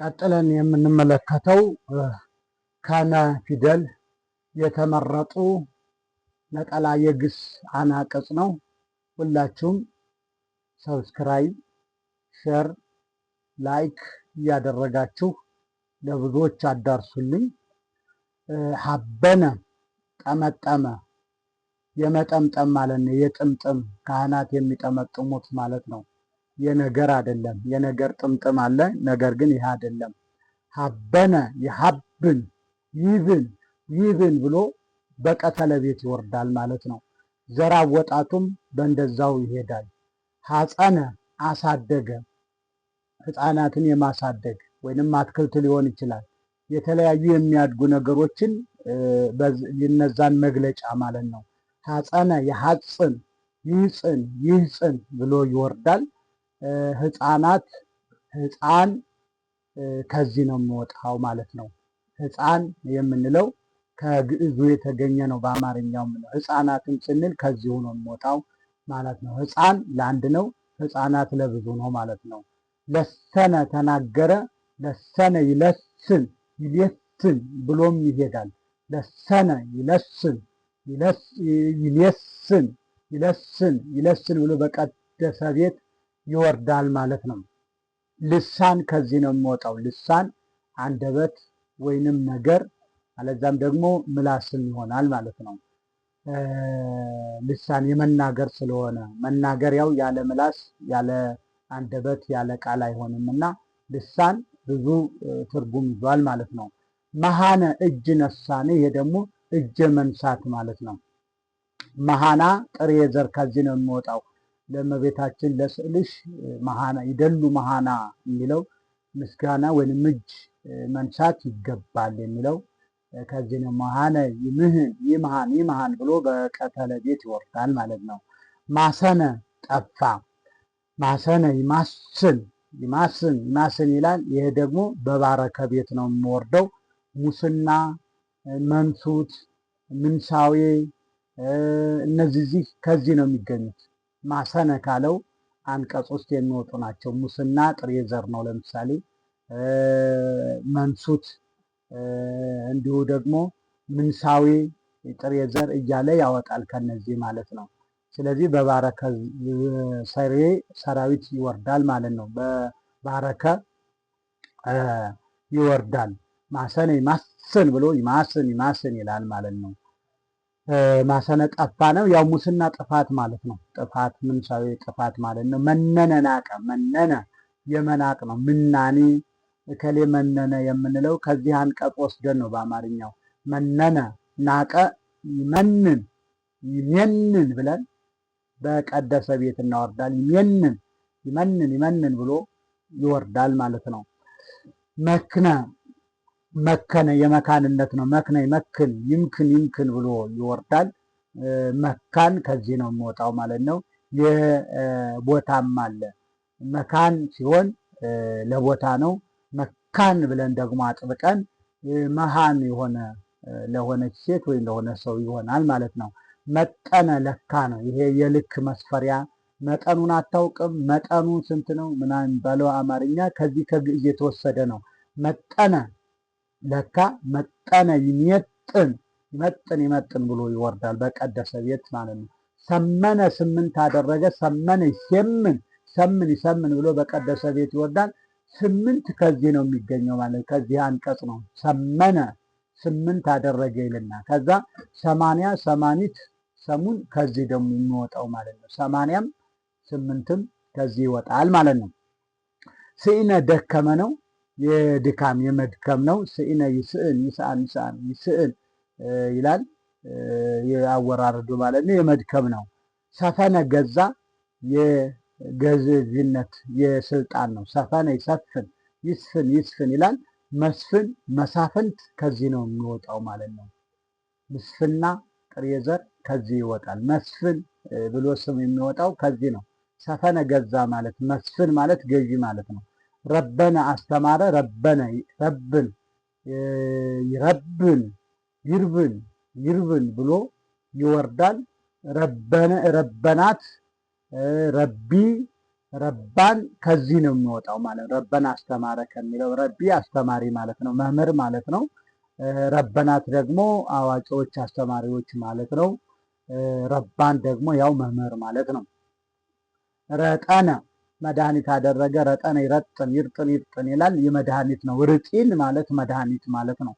ቀጥለን የምንመለከተው ከነ ፊደል የተመረጡ ነጠላ የግስ አናቅጽ ነው። ሁላችሁም ሰብስክራይብ፣ ሼር፣ ላይክ እያደረጋችሁ ለብዙዎች አዳርሱልኝ። ሀበነ ጠመጠመ የመጠምጠም ማለት ነው። የጥምጥም ካህናት የሚጠመጥሙት ማለት ነው። የነገር አይደለም። የነገር ጥምጥም አለ፣ ነገር ግን ይህ አይደለም። ሀበነ የሀብን ይብን ይብን ብሎ በቀተለ ቤት ይወርዳል ማለት ነው። ዘር አወጣቱም በእንደዛው ይሄዳል። ሀፀነ አሳደገ፣ ህፃናትን የማሳደግ ወይንም አትክልት ሊሆን ይችላል። የተለያዩ የሚያድጉ ነገሮችን እነዛን መግለጫ ማለት ነው። ሀፀነ የሀፅን ይህፅን ይህፅን ብሎ ይወርዳል። ህፃናት ህፃን ከዚህ ነው የሚወጣው ማለት ነው። ህፃን የምንለው ከግዕዙ የተገኘ ነው። በአማርኛው ምንለው ህፃናትን ስንል ከዚሁ ነው የሚወጣው ማለት ነው። ህፃን ለአንድ ነው፣ ህፃናት ለብዙ ነው ማለት ነው። ለሰነ ተናገረ፣ ለሰነ ይለስን ይሌስን ብሎም ይሄዳል። ለሰነ ይለስን ይሌስን ይለስን ይለስን ብሎ በቀደሰ ቤት ይወርዳል ማለት ነው። ልሳን ከዚህ ነው የሚወጣው። ልሳን አንደበት ወይንም ነገር አለዛም ደግሞ ምላስም ይሆናል ማለት ነው። ልሳን የመናገር ስለሆነ መናገር ያው ያለ ምላስ ያለ አንደበት ያለ ቃል አይሆንም እና ልሳን ብዙ ትርጉም ይዟል ማለት ነው። መሃነ እጅ ነሳን፣ ይሄ ደግሞ እጅ መንሳት ማለት ነው። መሃና ጥሬ ዘር ከዚህ ነው የሚወጣው ለመቤታችን ለስዕልሽ መሃና ይደሉ መሃና የሚለው ምስጋና ወይም ምጅ መንሳት ይገባል የሚለው ከዚህ ነው። መሃነ ይምህን ብሎ በቀተለ ቤት ይወርዳል ማለት ነው። ማሰነ ጠፋ። ማሰነ ይማስን ይማስን ይማስን ይላል። ይሄ ደግሞ በባረከ ቤት ነው የምወርደው። ሙስና፣ መንሱት፣ ምንሳዌ እነዚህ ከዚህ ነው የሚገኙት። ማሰነ ካለው አንቀጽ ውስጥ የሚወጡ ናቸው። ሙስና ጥሬ ዘር ነው። ለምሳሌ መንሱት፣ እንዲሁ ደግሞ ምንሳዊ ጥሬ ዘር እያለ ያወጣል ከነዚህ ማለት ነው። ስለዚህ በባረከ ሰሬ ሰራዊት ይወርዳል ማለት ነው። በባረከ ይወርዳል ማሰነ ይማስን ብሎ ይማስን ይማስን ይላል ማለት ነው። ማሰነ ጠፋ ነው። ያው ሙስና ጥፋት ማለት ነው። ጥፋት ምንሳዊ ጥፋት ማለት ነው። መነነ ናቀ፣ መነነ የመናቅ ነው። ምናኔ እከሌ መነነ የምንለው ከዚህ አንቀጽ ወስደን ነው። በአማርኛው መነነ ናቀ፣ ይመንን ይመንን ብለን በቀደሰ ቤት እናወርዳል። ይመንን ይመንን ይመንን ብሎ ይወርዳል ማለት ነው። መክነ መከነ የመካንነት ነው። መክነ መክን ይምክን ይምክን ብሎ ይወርዳል። መካን ከዚህ ነው የሚወጣው ማለት ነው። የቦታም አለ መካን ሲሆን ለቦታ ነው። መካን ብለን ደግሞ አጥብቀን መሃን የሆነ ለሆነች ሴት ወይም ለሆነ ሰው ይሆናል ማለት ነው። መጠነ ለካ ነው። ይሄ የልክ መስፈሪያ መጠኑን አታውቅም። መጠኑ ስንት ነው ምናምን ባለው አማርኛ ከዚህ ከግዕዝ የተወሰደ ነው። መጠነ ለካ መጠነ ይመጥን ይመጥን ይመጥን ብሎ ይወርዳል። በቀደሰ ቤት ማለት ነው። ሰመነ ስምንት አደረገ። ሰመነ ይሴምን ሰምን ይሰምን ብሎ በቀደሰ ቤት ይወርዳል። ስምንት ከዚህ ነው የሚገኘው ማለት ከዚህ አንቀጽ ነው። ሰመነ ስምንት አደረገ ይልና ከዛ ሰማንያ ሰማኒት ሰሙን ከዚህ ደግሞ የሚወጣው ማለት ነው። ሰማንያም ስምንትም ከዚህ ይወጣል ማለት ነው። ስኢነ ደከመ ነው። የድካም የመድከም ነው። ስኢነ ይስእን ይስአን ይስአን ይስእን ይላል የአወራረዱ ማለት ነው። የመድከም ነው። ሰፈነ ገዛ የገዝነት የስልጣን ነው። ሰፈነ ይሰፍን ይስፍን ይስፍን ይላል። መስፍን መሳፍንት ከዚህ ነው የሚወጣው ማለት ነው። ምስፍና ጥሬ ዘር ከዚህ ይወጣል። መስፍን ብሎ ስም የሚወጣው ከዚህ ነው። ሰፈነ ገዛ ማለት መስፍን ማለት ገዢ ማለት ነው። ረበነ አስተማረ ረበነ ረብን ይረብን ይርብን ይርብን ብሎ ይወርዳል። ረበናት ረቢ ረባን ከዚህ ነው የሚወጣው ማለት ነው። ረበነ አስተማረ ከሚለው ረቢ አስተማሪ ማለት ነው፣ መምህር ማለት ነው። ረበናት ደግሞ አዋቂዎች፣ አስተማሪዎች ማለት ነው። ረባን ደግሞ ያው መምህር ማለት ነው። ረጠነ መድኃኒት አደረገ። ረጠን ይረጥን ይርጥን ይርጥን ይላል። የመድኃኒት ነው። ርጢን ማለት መድኃኒት ማለት ነው።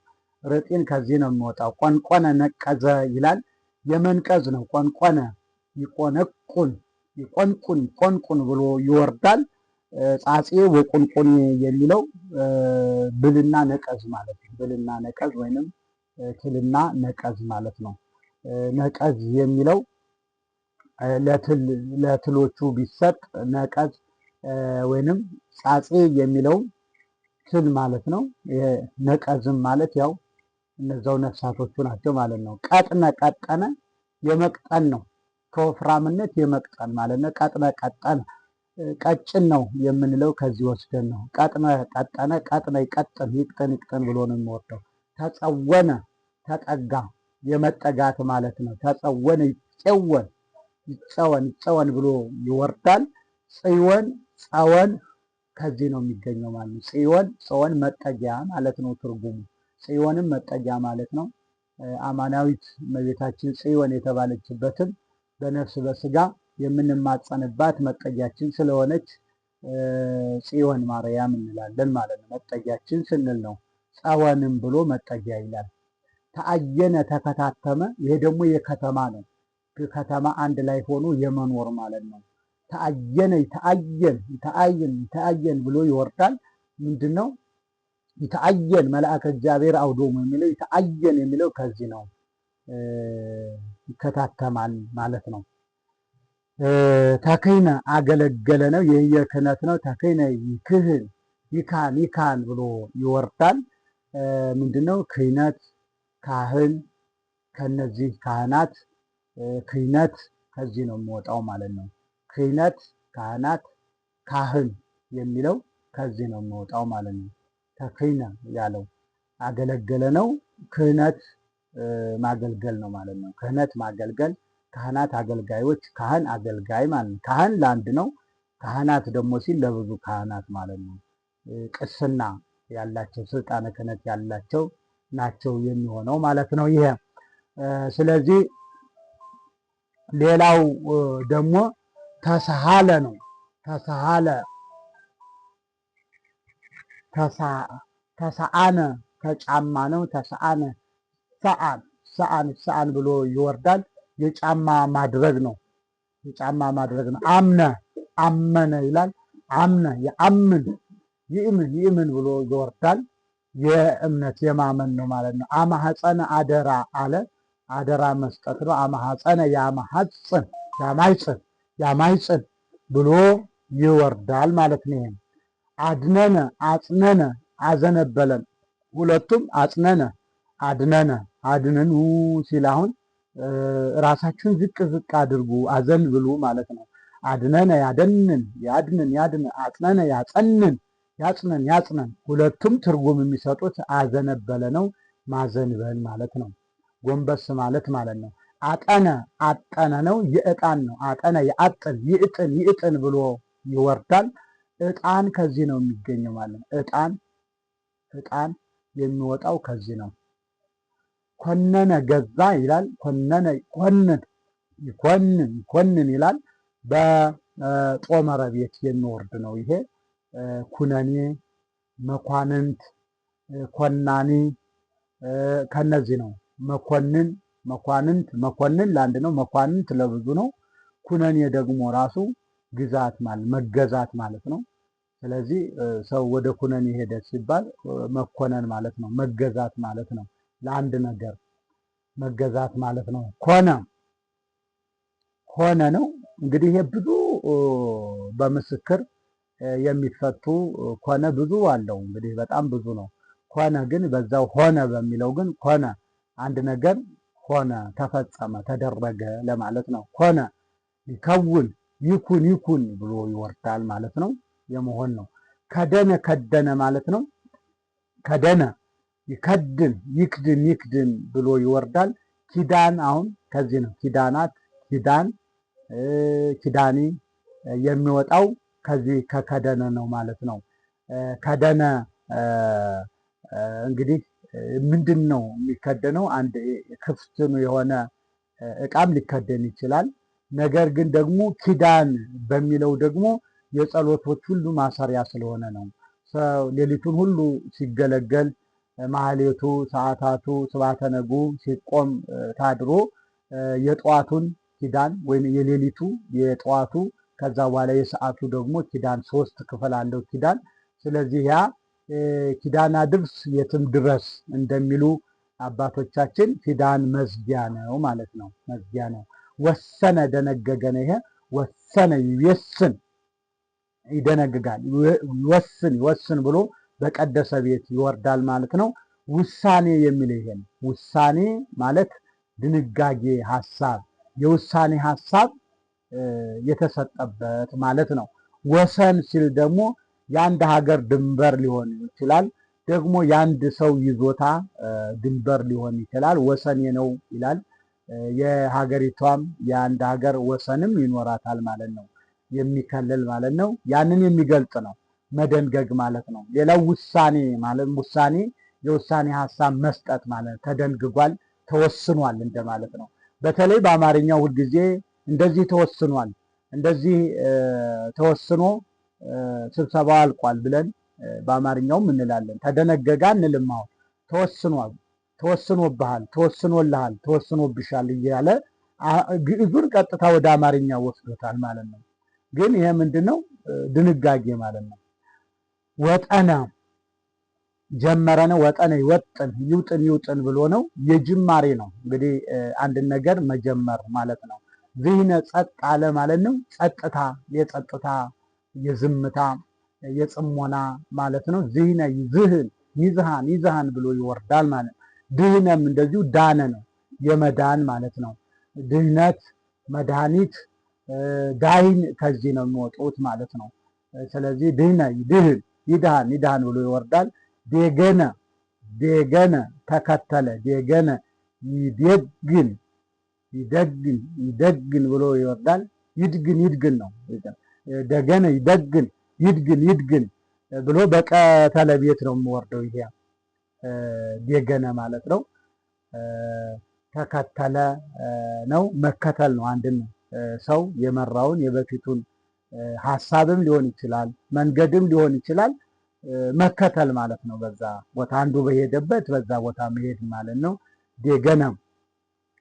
ርጢን ከዚህ ነው የሚወጣው። ቆንቆነ ነቀዘ ይላል። የመንቀዝ ነው። ቆንቆነ ይቆነቁን ይቆንቁን ቆንቁን ብሎ ይወርዳል። ጻጼ ወቁንቁን የሚለው ብልና ነቀዝ ማለት ነው። ብልና ነቀዝ ወይንም ትልና ነቀዝ ማለት ነው። ነቀዝ የሚለው ለትሎቹ ቢሰጥ ነቀዝ ወይንም ጻጽ የሚለው ትል ማለት ነው። ነቀዝም ማለት ያው እነዛው ነፍሳቶቹ ናቸው ማለት ነው። ቀጥነ ቀጠነ የመቅጠን ነው። ከወፍራምነት የመቅጠን ማለት ነው። ቀጥነ ቀጠነ ቀጭን ነው የምንለው ከዚህ ወስደን ነው። ቀጥነ ቀጠነ ቀጥነ ይቀጥን ይቅጠን ይቅጠን ብሎ ነው የሚወርደው። ተጸወነ ተጠጋ የመጠጋት ማለት ነው። ተጸወነ ይጸወን ይጸወን ይጸወን ብሎ ይወርዳል። ጽዮን ጸወን ከዚህ ነው የሚገኘው ማለት ነው። ጽዮን ጸወን መጠጊያ ማለት ነው ትርጉሙ። ጽዮንም መጠጊያ ማለት ነው። አማናዊት መቤታችን ጽዮን የተባለችበትም በነፍስ በስጋ የምንማጸንባት መጠጊያችን ስለሆነች ጽዮን ማርያም እንላለን ማለት ነው። መጠጊያችን ስንል ነው። ጸወንም ብሎ መጠጊያ ይላል። ተአየነ ተከታተመ። ይሄ ደግሞ የከተማ ነው። ከተማ አንድ ላይ ሆኖ የመኖር ማለት ነው። ተአየነ ይተአየን ይተአየን ይተአየን ብሎ ይወርዳል። ምንድን ነው ይተአየን? መልአከ እግዚአብሔር አውዶሙ የሚለው ይተአየን የሚለው ከዚህ ነው፣ ይከታተማል ማለት ነው። ተከይነ አገለገለ ነው፣ ይህ የክህነት ነው። ተከይነ ይክህን ይካን ይካን ብሎ ይወርዳል። ምንድነው ክህነት ካህን ከነዚህ ካህናት ክህነት ከዚህ ነው የሚወጣው ማለት ነው። ክህነት፣ ካህናት፣ ካህን የሚለው ከዚህ ነው የሚወጣው ማለት ነው። ተክህነ ያለው አገለገለ ነው። ክህነት ማገልገል ነው ማለት ነው። ክህነት ማገልገል፣ ካህናት አገልጋዮች፣ ካህን አገልጋይ ማለት ነው። ካህን ለአንድ ነው። ካህናት ደግሞ ሲል ለብዙ ካህናት ማለት ነው። ቅስና ያላቸው ስልጣነ ክህነት ያላቸው ናቸው የሚሆነው ማለት ነው ይሄ። ስለዚህ ሌላው ደግሞ ተሳሃለ ነው። ተሳሃለ ተሳአነ ከጫማ ነው። ተሳአነ ሰአን ሰአን ሰአን ብሎ ይወርዳል። የጫማ ማድረግ ነው። የጫማ ማድረግ ነው። አምነ አመነ ይላል። አምነ የአምን ይእምን ይእምን ብሎ ይወርዳል። የእምነት የማመን ነው ማለት ነው። አማሐፀነ አደራ አለ። አደራ መስጠት ነው። አማሐፀነ የአማሐፅን የአማይፅን ያማይጽድ ብሎ ይወርዳል ማለት ነው። ይሄም አድነነ አጽነነ አዘነበለን ሁለቱም አጽነነ አድነነ አድንኑ ሲል አሁን ራሳችሁን ዝቅ ዝቅ አድርጉ አዘን ብሉ ማለት ነው። አድነነ ያደንን ያድንን ያድነ አጽነነ ያጸንን ያጽነን ያጽነን ሁለቱም ትርጉም የሚሰጡት አዘነበለ ነው። ማዘንበል ማለት ነው። ጎንበስ ማለት ማለት ነው። አጠነ አጠነ ነው የእጣን ነው። አጠነ የአጥን ይእጥን ይእጥን ብሎ ይወርዳል። እጣን ከዚህ ነው የሚገኘው ማለት ነው። እጣን እጣን የሚወጣው ከዚህ ነው። ኮነነ ገዛ ይላል። ኮነነ ይኮንን ይኮንን ይኮንን ይላል። በጦመረ ቤት የሚወርድ ነው ይሄ። ኩነኔ መኳንንት፣ ኮናኔ ከነዚህ ነው መኮንን መኳንንት መኮንን ለአንድ ነው፣ መኳንንት ለብዙ ነው። ኩነኔ ደግሞ ራሱ ግዛት ማለት መገዛት ማለት ነው። ስለዚህ ሰው ወደ ኩነኔ ሄደ ሲባል መኮነን ማለት ነው፣ መገዛት ማለት ነው። ለአንድ ነገር መገዛት ማለት ነው። ኮነ ኮነ ነው እንግዲህ ብዙ በምስክር የሚፈቱ ኮነ ብዙ አለው እንግዲህ በጣም ብዙ ነው። ኮነ ግን በዛው ሆነ በሚለው ግን ኮነ አንድ ነገር ሆነ ተፈጸመ ተደረገ ለማለት ነው። ሆነ ይከውን ይኩን ይኩን ብሎ ይወርዳል ማለት ነው። የመሆን ነው። ከደነ ከደነ ማለት ነው። ከደነ ይከድን ይክድን ይክድን ብሎ ይወርዳል። ኪዳን አሁን ከዚህ ነው። ኪዳናት ኪዳን ኪዳኒ የሚወጣው ከዚህ ከከደነ ነው ማለት ነው። ከደነ እንግዲህ ምንድን ነው የሚከደነው? አንድ ክፍትኑ የሆነ እቃም ሊከደን ይችላል። ነገር ግን ደግሞ ኪዳን በሚለው ደግሞ የጸሎቶች ሁሉ ማሰሪያ ስለሆነ ነው። ሌሊቱን ሁሉ ሲገለገል ማህሌቱ፣ ሰዓታቱ፣ ስባተ ነጉ ሲቆም ታድሮ የጠዋቱን ኪዳን ወይም የሌሊቱ የጠዋቱ ከዛ በኋላ የሰዓቱ ደግሞ ኪዳን ሶስት ክፍል አለው ኪዳን። ስለዚህ ያ ኪዳና ድርስ የትም ድረስ እንደሚሉ አባቶቻችን ኪዳን መዝጊያ ነው ማለት ነው። መዝጊያ ነው። ወሰነ ደነገገ ነው። ይሄ ወሰነ ይወስን ይደነግጋል። ይወስን ይወስን ብሎ በቀደሰ ቤት ይወርዳል ማለት ነው። ውሳኔ የሚል ይሄ ነው። ውሳኔ ማለት ድንጋጌ፣ ሐሳብ፣ የውሳኔ ሐሳብ የተሰጠበት ማለት ነው። ወሰን ሲል ደግሞ የአንድ ሀገር ድንበር ሊሆን ይችላል። ደግሞ የአንድ ሰው ይዞታ ድንበር ሊሆን ይችላል። ወሰኔ ነው ይላል። የሀገሪቷም የአንድ ሀገር ወሰንም ይኖራታል ማለት ነው። የሚከልል ማለት ነው። ያንን የሚገልጽ ነው መደንገግ ማለት ነው። ሌላው ውሳኔ ማለት ውሳኔ የውሳኔ ሀሳብ መስጠት ማለት ነው። ተደንግጓል፣ ተወስኗል እንደማለት ነው። በተለይ በአማርኛ ሁልጊዜ እንደዚህ ተወስኗል፣ እንደዚህ ተወስኖ ስብሰባ አልቋል ብለን በአማርኛውም እንላለን። ተደነገጋ እንልም አሁን ተወስኗል፣ ተወስኖብሃል፣ ተወስኖልሃል፣ ተወስኖብሻል እያለ ግዕዙን ቀጥታ ወደ አማርኛ ወስዶታል ማለት ነው። ግን ይሄ ምንድን ነው? ድንጋጌ ማለት ነው። ወጠና ጀመረ ነው። ወጠነ ይወጥን፣ ይውጥን፣ ይውጥን ብሎ ነው። የጅማሬ ነው እንግዲህ አንድን ነገር መጀመር ማለት ነው። ዝህነ ጸጥ አለ ማለት ነው። ጸጥታ፣ የጸጥታ የዝምታ የጽሞና ማለት ነው። ዝህነ ይዝህን ይዝሃን ይዝሃን ብሎ ይወርዳል ማለት ነው። ድህነም እንደዚሁ ዳነ ነው የመዳን ማለት ነው። ድህነት፣ መድኃኒት፣ ዳይን ከዚህ ነው የሚወጡት ማለት ነው። ስለዚህ ድህነ ድህን ይድሃን ይድሃን ብሎ ይወርዳል። ዴገነ ዴገነ ተከተለ ዴገነ ይደግን ይደግን ይደግን ብሎ ይወርዳል። ይድግን ይድግን ነው ደገነ ይደግን ይድግን ይድግን ብሎ በቀተለ ቤት ነው የምወርደው። ይሄ ደገነ ማለት ነው። ተከተለ ነው መከተል ነው። አንድን ሰው የመራውን የበፊቱን ሀሳብም ሊሆን ይችላል፣ መንገድም ሊሆን ይችላል። መከተል ማለት ነው። በዛ ቦታ አንዱ በሄደበት በዛ ቦታ መሄድ ማለት ነው። ደገነ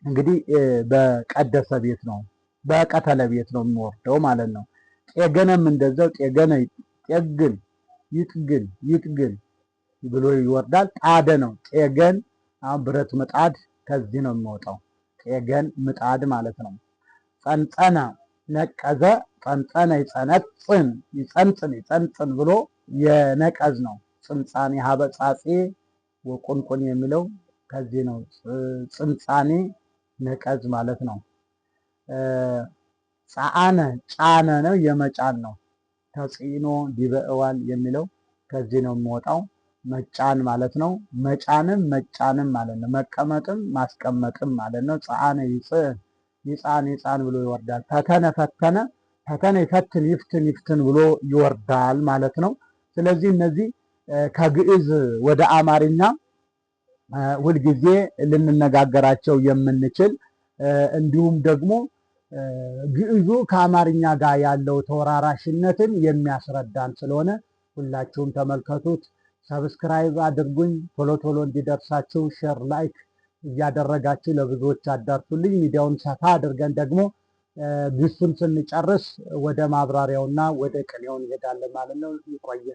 እንግዲህ በቀደሰ ቤት ነው በቀተለ ቤት ነው የምወርደው ማለት ነው። ጤገነም እንደዛው ጤገነ ጤግን ይጥግን ይጥግን ብሎ ይወርዳል። ጣደ ነው ጤገን። አሁን ብረት ምጣድ ከዚህ ነው የሚወጣው። ጤገን ምጣድ ማለት ነው። ጸንጸነ ነቀዘ። ጸንጸነ ይጸነጽን ይጸንጽን ይጸንጽን ብሎ የነቀዝ ነው። ጽንጻኔ ሀበጻጼ ወቁንቁን የሚለው ከዚህ ነው። ጽንጻኔ ነቀዝ ማለት ነው። ጻአነ ጫነ ነው የመጫን ነው። ተጽኖ ዲበእዋል የሚለው ከዚህ ነው የሚወጣው። መጫን ማለት ነው። መጫንም መጫንም ማለት ነው። መቀመጥም ማስቀመጥም ማለት ነው። ጻአነ ይጽዕን ይጻን ይጻን ብሎ ይወርዳል። ፈተነ ፈተነ ፈተነ ይፈትን ይፍትን ይፍትን ብሎ ይወርዳል ማለት ነው። ስለዚህ እነዚህ ከግዕዝ ወደ አማርኛ ሁልጊዜ ልንነጋገራቸው የምንችል እንዲሁም ደግሞ ግዕዙ ከአማርኛ ጋር ያለው ተወራራሽነትን የሚያስረዳን ስለሆነ ሁላችሁም ተመልከቱት። ሰብስክራይብ አድርጉኝ። ቶሎ ቶሎ እንዲደርሳችሁ ሼር፣ ላይክ እያደረጋችሁ ለብዙዎች አዳርሱልኝ። ሚዲያውን ሰፋ አድርገን ደግሞ ግሱን ስንጨርስ ወደ ማብራሪያውና ወደ ቅኔው እንሄዳለን ማለት ነው። ይቆየ